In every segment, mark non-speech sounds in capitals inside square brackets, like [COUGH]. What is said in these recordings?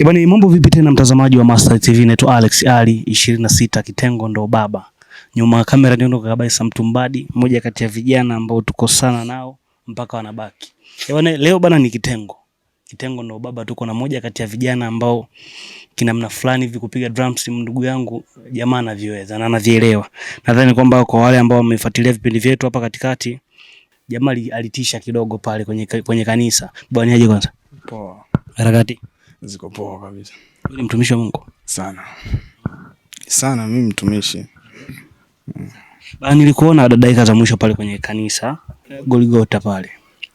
Ibani, mambo vipi tena mtazamaji wa Master TV, naitwa Alex Ali 26 kitengo ndo baba. Nyuma ya kamera ndio kabisa mtu mbadi, mmoja kati ya vijana ambao tuko sana nao mpaka wanabaki. Ibani, leo bana ni kitengo. Kitengo ndo baba tuko na moja kati ya vijana ambao kinamna fulani hivi kupiga drums, ndugu yangu jamaa anaviweza na anavielewa. Nadhani kwamba kwa wale ambao wamefuatilia vipindi vyetu hapa katikati jamaa alitisha kidogo pale kwenye, kwenye kanisa. Bwana aje kwanza. Poa. Harakati ziko poa kabisa. Ni mtumishi wa Mungu sana sana, mimi mtumishi bana. Ah, nilikuona dadaika za mwisho pale kwenye kanisa Goligota pale,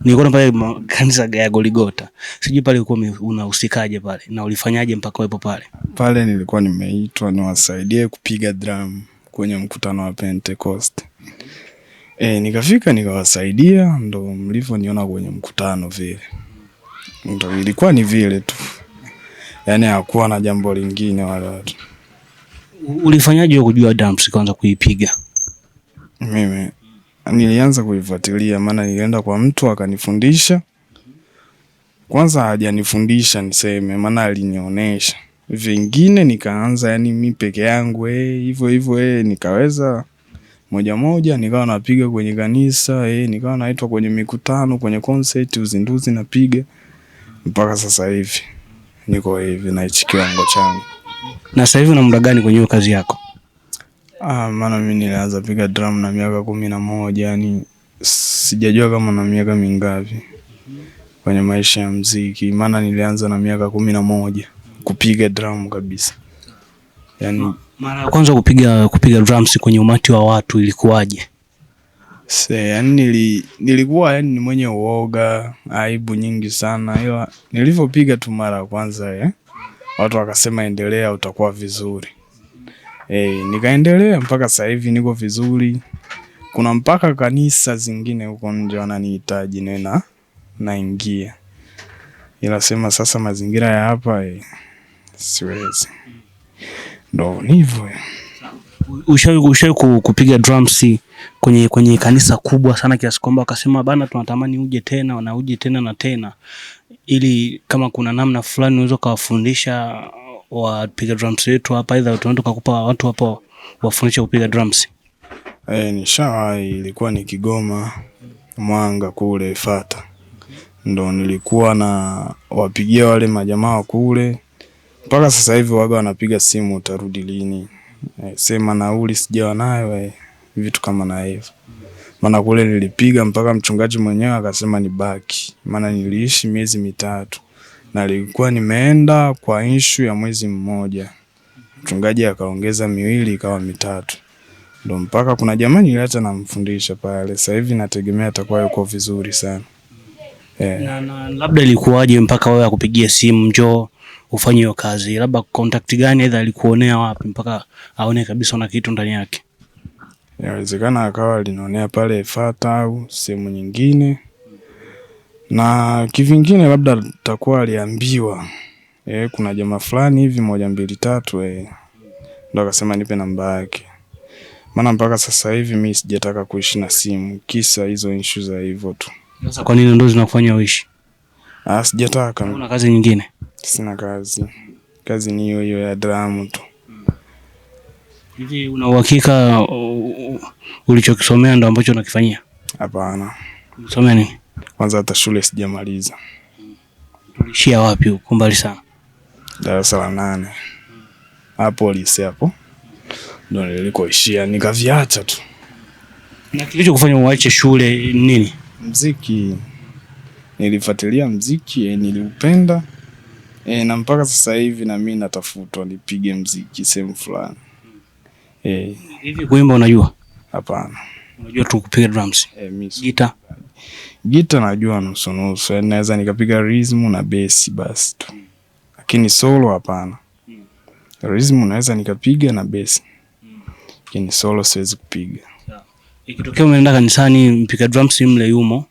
nilikuona pale kanisa ya Goligota, sijui pale ulikuwa unahusikaje pale na ulifanyaje mpaka wepo pale? Pale nilikuwa nimeitwa niwasaidie kupiga drum kwenye mkutano wa Pentecost. E, nikafika nikawasaidia, ndo mlivyoniona kwenye mkutano vile, ndo ilikuwa ni vile tu yani hakuwa na jambo lingine wale watu. Ulifanyaje wa kujua drums kwanza kuipiga? Mimi nilianza kuifuatilia, maana nilienda kwa mtu akanifundisha. Kwanza hajanifundisha niseme, maana alinionyesha vingine, nikaanza yani mi peke yangu eh, hivyo hivyo eh, nikaweza moja moja nikawa napiga kwenye kanisa eh, nikawa naitwa kwenye mikutano, kwenye concert, uzinduzi napiga mpaka sasa hivi niko hivi na hichi kiwango changu. Na sasa hivi una muda gani kwenye kazi yako? Ah, maana mimi nilianza piga drum na miaka kumi na moja yani sijajua kama na miaka mingapi kwenye maisha ya mziki, maana nilianza na miaka kumi na moja kupiga drum kabisa. Yani mara ya kwanza kupiga kupiga drums kwenye umati wa watu ilikuwaje? Se, yani nili, nilikuwa yani ni mwenye uoga, aibu nyingi sana, ila nilivyopiga tu mara ya kwanza eh, watu wakasema endelea, utakuwa vizuri eh, nikaendelea mpaka sasa hivi niko vizuri. Kuna mpaka kanisa zingine huko nje wananihitaji nena naingia, ila sema sasa mazingira ya hapa eh, siwezi. Ndo nivyo Ushawahi kupiga drums? kwenye, kwenye kanisa kubwa sana kiasi kwamba wakasema bana, tunatamani uje tena na uje tena na tena, ili kama kuna namna fulani unaweza ukawafundisha uh, wapiga drums wetu hapa, aidha tunaweza tukakupa watu hapo wafundisha kupiga drums. E, nishawahi, ilikuwa ni Kigoma Mwanga kule Fata, ndo nilikuwa na wapigia wale majamaa kule. Mpaka sasa hivi waga wanapiga simu, utarudi lini? Eh, sema nauli sijawa nayo. Eh vitu kama na hivyo. Maana kule nilipiga mpaka mchungaji mwenyewe akasema nibaki, maana niliishi miezi mitatu na nilikuwa nimeenda kwa ishu ya mwezi mmoja, mchungaji akaongeza miwili ikawa mitatu, ndo mpaka kuna jamaa niliacha namfundisha pale. Sasa hivi nategemea atakuwa yuko vizuri sana. Yeah. Na, eh. na, labda ilikuwaje mpaka wewe akupigie simu njoo ufanye hiyo kazi? Labda contact gani, aidha alikuonea wapi mpaka aone kabisa una kitu ndani yake? inawezekana akawa linaonea pale Fata au sehemu nyingine, na kivingine labda takuwa aliambiwa e, kuna jamaa fulani hivi moja mbili tatu e, ndo akasema nipe namba yake. Maana mpaka sasa hivi mi sijataka kuishi na simu, kisa hizo issue za hivyo tu. Sasa kwa nini ndo zinakufanya uishi? Ah, sijataka. Una kazi nyingine? Sina kazi, kazi ni hiyo hiyo ya dramu tu. Hivi una uhakika uh, uh, ulichokisomea ndo ambacho unakifanyia? Hapana. Unasomea nini? Kwanza hata shule sijamaliza. Ulishia wapi huko mbali sana? Darasa la nane hapo lise hapo Ndio nilikoishia, nikaviacha tu. Na kilichokufanya uache shule nini? Mziki. Nilifuatilia mziki e, niliupenda e, na mpaka sasa hivi na mimi natafutwa nipige mziki sehemu fulani. Eh, hivi kuimba unajua? Hapana. Unajua tu kupiga drums. Eh, mimi. Gita. Gita najua nusu nusu. Eh, naweza nikapiga rhythm na bass basi tu. Hmm. Lakini solo hapana. Hmm. Rhythm naweza nikapiga na bass. Hmm. Lakini solo siwezi kupiga. Ikitokea umeenda kanisani mpiga drums mle yumo,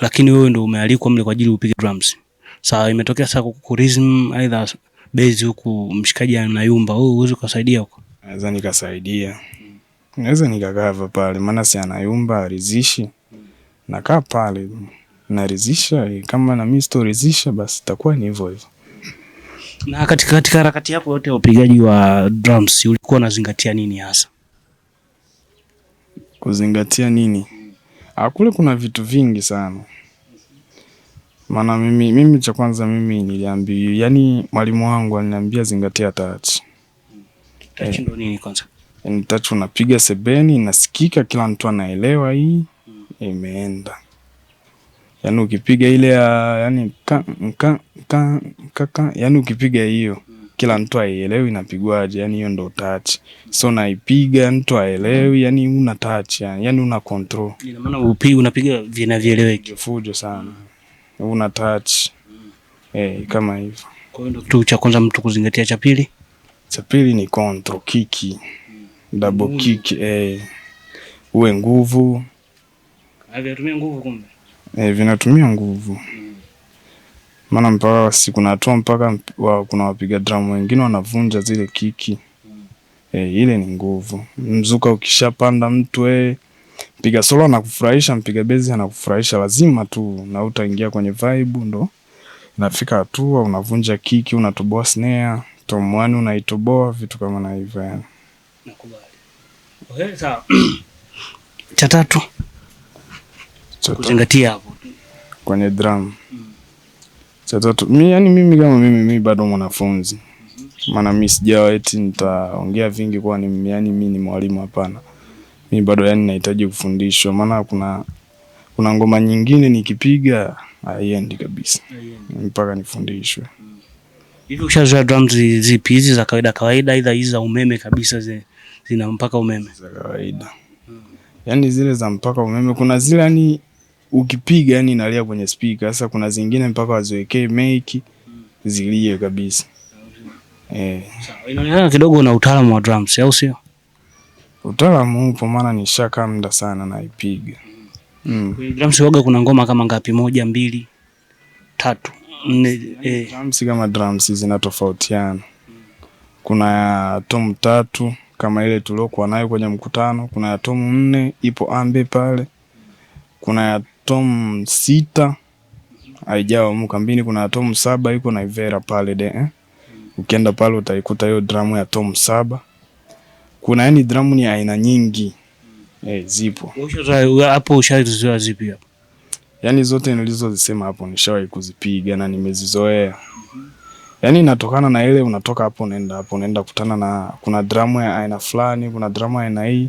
lakini wewe ndio umealikwa mle kwa ajili upige drums. Sawa, imetokea sasa kwa rhythm aidha bezi huku mshikaji anayumba, wewe uweze kusaidia huko naweza nikasaidia, naweza nikakava pale, maana si anayumba arizishi, nakaa pale narizisha. Kama na mimi sitorizisha, basi itakuwa ni hivyo hivyo. Na katika katika harakati yako yote ya upigaji wa drums ulikuwa unazingatia nini hasa? Kuzingatia nini? Ah, kule kuna vitu vingi sana maana mimi, mimi cha kwanza mimi niliambi, yani mwalimu wangu aliniambia zingatia tachi Eh. Touch ndo nini concept? Ni touch unapiga sebeni, inasikika kila mtu anaelewa hii mm. Imeenda yaani ukipiga ile ya yani ka, ka, ka, ka, ka, yani ukipiga hiyo mm. kila mtu aielewi inapigwaje, yani hiyo ndo touch. So naipiga mtu aelewi, yani una touch yani, yani una control. Ina maana upi unapiga vinavyoeleweka. Fujo sana. Una touch. Mm. Eh, kama hivyo. Kwa hiyo ndo kitu cha kwanza mtu kuzingatia, cha pili cha pili ni kontro kiki, double kick eh, uwe nguvu eh, vinatumia nguvu mm. maana mpaka si kuna hatua mpaka wa, kuna wapiga drum wengine wanavunja zile kiki mm. eh, ile ni nguvu. Mzuka ukishapanda mtu eh, mpiga solo anakufurahisha, mpiga bezi anakufurahisha, lazima tu na utaingia kwenye vibe, ndo inafika hatua unavunja kiki, unatoboa snare tomwani unaitoboa, vitu kama na hivyo yani. [CLEARS THROAT] Cha tatu kuzingatia hapo kwenye drum mm. Cha tatu mi, yani mimi kama mimi mi bado mwanafunzi mhm. maana mm mi sijawa eti nitaongea vingi kwa ni, yani mi ni mwalimu hapana, mi bado yani nahitaji kufundishwa, maana kuna kuna ngoma nyingine nikipiga haiendi kabisa mpaka nifundishwe mm. Hivi ushazoea drums zipi hizi za kawaida kawaida, aidha hizi za umeme kabisa zile zina mpaka umeme? Za kawaida. Hmm. Yaani zile za mpaka umeme kuna zile yani ukipiga yani inalia kwenye speaker. Sasa kuna zingine mpaka waziwekee mic zilie kabisa. Eh. inaonekana kidogo na utaalamu wa drums au sio? Utaalamu upo, maana nishakaa muda sana naipiga. Mm. mm. drums waga kuna ngoma kama ngapi? Moja, mbili, tatu Eh. Drums kama drums zinatofautiana, kuna ya tomu tatu kama ile tuliokuwa nayo kwenye mkutano, kuna ya tomu nne ipo ambe pale, kuna ya tomu sita haijao mu kuna ya tomu saba iko na Ivera pale de eh? Ukienda pale utaikuta hiyo drum ya tomu saba. Kuna yani drum ni aina nyingi eh, zipo hapo. Ushazoea zipi hapo? yani zote nilizozisema hapo nishawahi kuzipiga na nimezizoea. Yani inatokana na ile unatoka hapo unaenda hapo unaenda kutana na kuna drama ya aina fulani, kuna drama ya aina hii.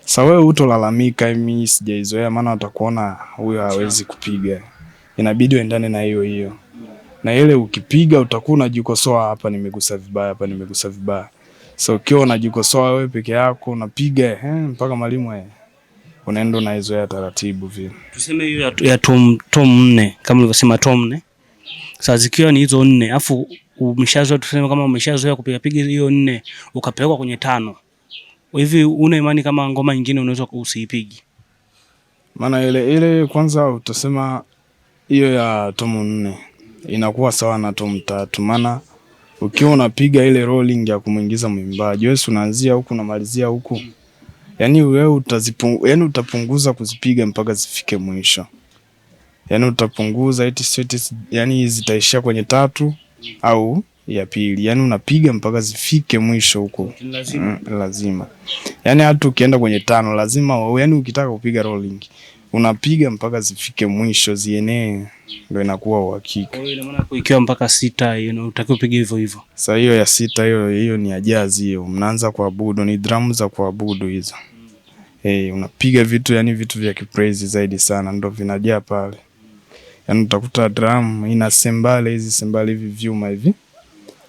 Sasa wewe utolalamika, mimi sijaizoea, maana watakuona huyo hawezi kupiga, inabidi uendane na hiyo hiyo na ile ukipiga utakuwa unajikosoa, hapa nimegusa vibaya, hapa nimegusa vibaya. So ukiwa unajikosoa wewe peke yako unapiga eh, mpaka mwalimu eh unaenda unaizoea taratibu vile. Tuseme hiyo ya, ya tom tom nne kama ulivyosema tom nne. Sasa zikiwa ni hizo nne afu umeshazoea tuseme kama umeshazoea kupiga piga hiyo nne ukapelekwa kwenye tano. Hivi una imani kama ngoma nyingine unaweza usiipigi? Maana ile ile kwanza utasema hiyo ya tom nne inakuwa sawa na tom tatu maana ukiwa unapiga ile rolling ya kumwingiza mwimbaji wewe unaanzia huku unamalizia huku yani wewe utazipungu, yani utapunguza kuzipiga mpaka zifike mwisho, yani utapunguza eti seti, yani zitaishia kwenye tatu au ya pili, yani unapiga mpaka zifike mwisho huko lazima. Mm, lazima yani hata ukienda kwenye tano lazima, yani ukitaka kupiga rolling unapiga mpaka zifike mwisho zienee, ndio inakuwa uhakika. Ina maana ikiwa mpaka sita unatakiwa upige hivyo hivyo. Sasa hiyo ya sita hiyo hiyo ni ajazi hiyo, mnaanza kuabudu, ni drum za kuabudu hizo. Hey, eh, unapiga vitu yani vitu vya kipraise zaidi sana ndo vinajaa pale. Yani utakuta drum ina sembale hizi sembale hivi vyuma hivi.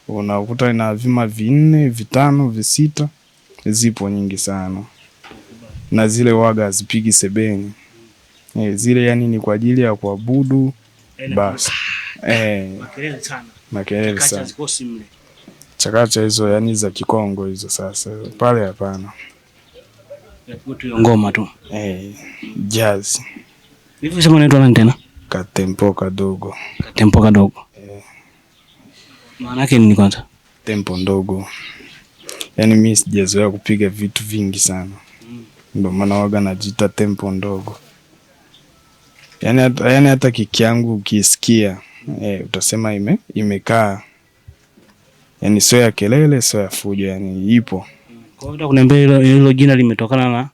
Unakuta ina vima vinne, vitano, visita zipo nyingi sana. Na zile waga zipigi sebeni. Hey, eh, zile yani ni kwa ajili ya kuabudu yaani basi. Eh, makelele sana. Makelele sana. Chakacha hizo yani za Kikongo hizo sasa. Pale hapana ngoma tu eh, jazz hivi. Sema unaitwa nani tena? Katempo kadogo. Katempo kadogo eh, maana yake nini? Kwanza tempo ndogo, yaani mimi sijazoea kupiga vitu vingi sana, ndio maana waga najiita tempo ndogo. Yaani hata yaani hata kiki yangu ukisikia eh, utasema ime imekaa, yaani sio ya kelele, sio ya fujo, yaani ipo kwa hiyo kuniambia hilo hilo jina limetokana na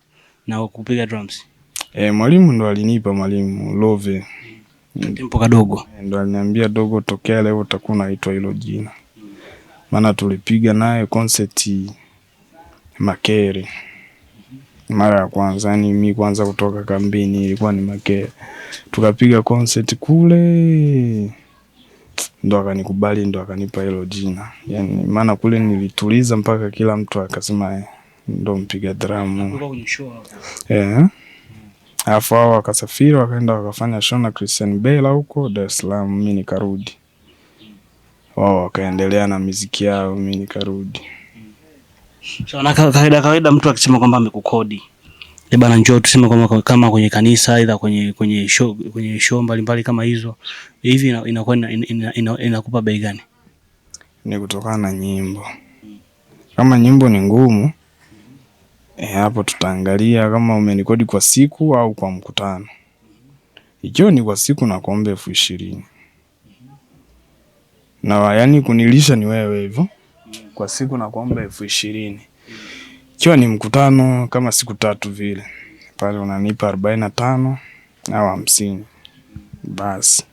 na kupiga drums. E, mwalimu ndo alinipa mwalimu Love. Mm. Tempo kadogo. E, ndo aliniambia dogo, tokea leo utakuwa unaitwa hilo jina. Maana tulipiga naye concert Makere. Mara ya kwanza ni mimi kwanza kutoka kambini ilikuwa ni Makere. Tukapiga concert kule ndo akanikubali ndo akanipa hilo jina yani, maana kule nilituliza mpaka kila mtu akasema eh, ndo mpiga dramu yeah. Eh, eh. Alafu hao wakasafiri wakaenda wakafanya show na Christian Bella huko Dar es Salaam, mi nikarudi, wao wakaendelea na miziki yao, mi nikarudi. So, na kawaida kawaida mtu akisema kwamba amekukodi Eh, bana, njoo tuseme kama, kama kwenye kanisa aidha kwenye, kwenye show kwenye show mbalimbali kama hizo eh, hivi, inakuwa inakupa ina, ina, ina, inakupa bei gani? Ni kutokana na nyimbo. Kama nyimbo ni ngumu e, hapo tutaangalia kama umenikodi kwa siku au kwa mkutano. Ikiwa ni kwa siku na kuomba elfu ishirini na yaani kunilisha ni wewe hivyo, kwa siku na kuomba elfu ishirini ikiwa ni mkutano kama siku tatu vile, pale unanipa arobaini na tano au hamsini basi.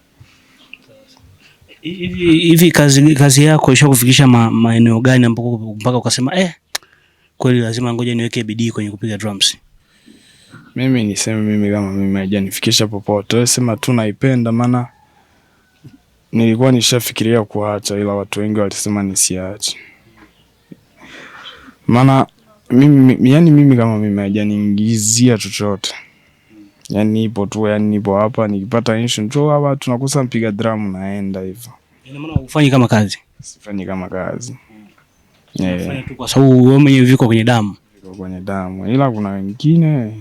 Hivi kazi, kazi yako ishakufikisha maeneo gani ambako mpaka ukasema eh, kweli lazima ngoja niweke bidii kwenye kupiga drums? Mimi niseme mimi kama mimi haijanifikisha popote, wewe sema tu naipenda, maana nilikuwa nishafikiria kuacha, ila watu wengi walisema nisiache maana mimi, yani mimi kama mimi hajaniingizia chochote yani nipo tu, yani nipo hapa, nikipata tu hapa tunakosa mpiga drum naenda hivyo. Ina maana ufanyi kama kazi? Sifanyi kama kazi hmm. yeah. Unafanya tu kwa sababu wewe mwenyewe viko kwenye damu, viko kwenye damu, ila kuna wengine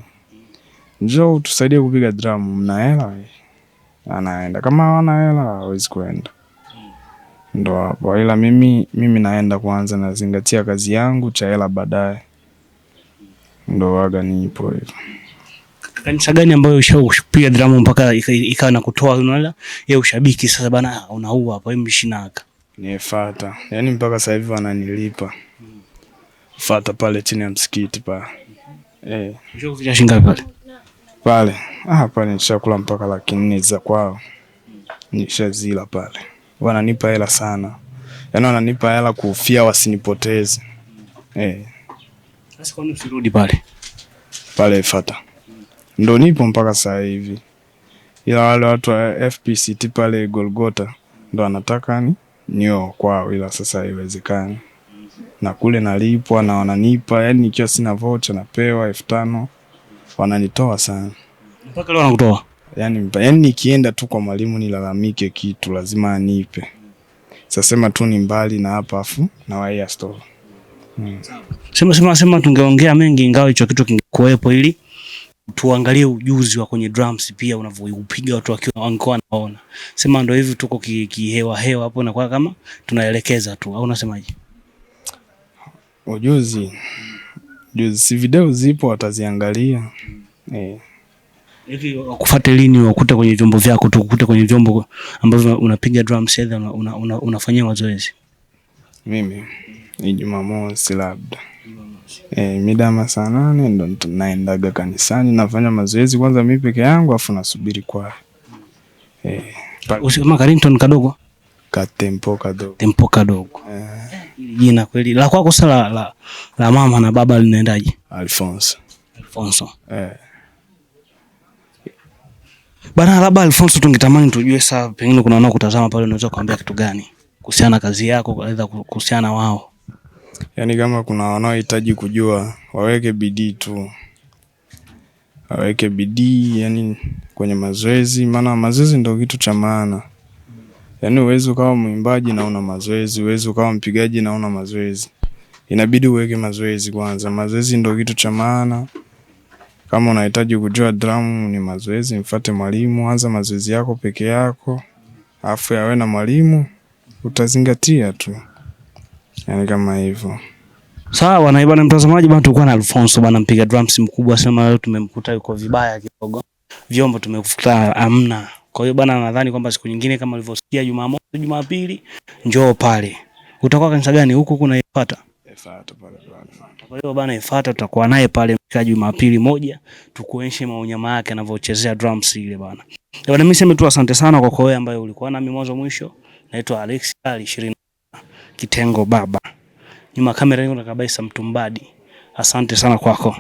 njoo tusaidie kupiga drum, mna hela, anaenda. Kama hawana hela hawezi kwenda, ndo hapo. Ila mimi mimi naenda kwanza, nazingatia kazi yangu, cha hela baadaye ndo waga nipo hivyo. Kanisa gani ambayo ushapiga dramu mpaka ikawa na kutoa unaona ya ee ushabiki sasa bana, unaua hapa hivi shinaka nifuata, yaani mpaka sasa hivi wananilipa fata pale chini ya msikiti pa eh, unajua shingapi pale pale ah, pale nishakula mpaka laki nne za kwao, nishazila pale. Wananipa hela sana, yani wananipa hela kuufia wasinipoteze eh. Sasa kwani usirudi pale pale Ifata? Ndo nipo mpaka sasa hivi, ila wale watu wa FPCT pale Golgota ndo anataka ni nio kwao, ila sasa haiwezekani na kule nalipwa na wananipa, yani nikiwa sina vocha napewa elfu tano wananitoa sana mpaka leo wanakutoa. Yani, yani nikienda tu kwa mwalimu nilalamike kitu lazima anipe. Sasema tu ni mbali na hapa afu na waia store Mm. Sema sema sema tungeongea mengi ingawa hicho kitu kingekuwepo ili tuangalie ujuzi wa kwenye drums pia unavyoupiga watu wakiwa wanko wanaona. Sema ndio hivi tuko kihewa ki hewa hapo na kwa kama tunaelekeza tu au unasemaje? Ujuzi. Ujuzi si video zipo wataziangalia. Eh. Hivi wakufate lini wakute kwenye vyombo vyako tu kukute kwenye vyombo ambavyo unapiga drums aidha una, una, una, unafanyia mazoezi? Mimi mm ni Jumamosi labda E, eh, midama saa nane ndo naendaga kanisani nafanya mazoezi kwanza mimi peke yangu afu nasubiri kwa eh, usikama Carrington kadogo katempo kadogo tempo kadogo e. Jina kweli la kwako sasa la, la, mama na baba linaendaje? Alfonso Alfonso Eh. Bana, labda Alfonso, tungetamani tujue sasa, pengine kuna wanao kutazama pale, unaweza kuambia kitu gani kuhusiana kazi yako, aidha kuhusiana wao Yaani kama kuna wanaohitaji kujua, waweke bidii tu. Waweke bidii yani kwenye mazoezi, maana mazoezi ndio kitu cha maana. Yaani huwezi ukawa mwimbaji na una mazoezi, huwezi ukawa mpigaji na una mazoezi. Inabidi uweke mazoezi kwanza, mazoezi ndio kitu cha maana. Kama unahitaji kujua drum ni mazoezi, mfate mwalimu, anza mazoezi yako peke yako. afu yawe na mwalimu, utazingatia tu yani kama hivyo. Sawa na bwana mtazamaji, bwana tulikuwa na Alfonso bwana, mpiga drums mkubwa sana. Leo tumemkuta yuko vibaya kidogo, vyombo tumekuta amna. Kwa hiyo bwana, nadhani kwamba siku nyingine kama ulivyosikia Jumamosi, Jumapili njoo pale. Utakuwa kanisa gani huko? Kuna ifata ifata pale bwana. kwa hiyo bwana ifata tutakuwa naye pale mkaji Jumapili moja, tukuonyeshe maonyama yake anavyochezea drums ile bwana. Bwana mimi sema tu asante sana kwa kwa wewe ambaye ulikuwa nami mwanzo mwisho. Naitwa Alex Ali 20 Kitengo Baba. Nyuma kamera kabisa Mtumbadi. Asante sana kwako.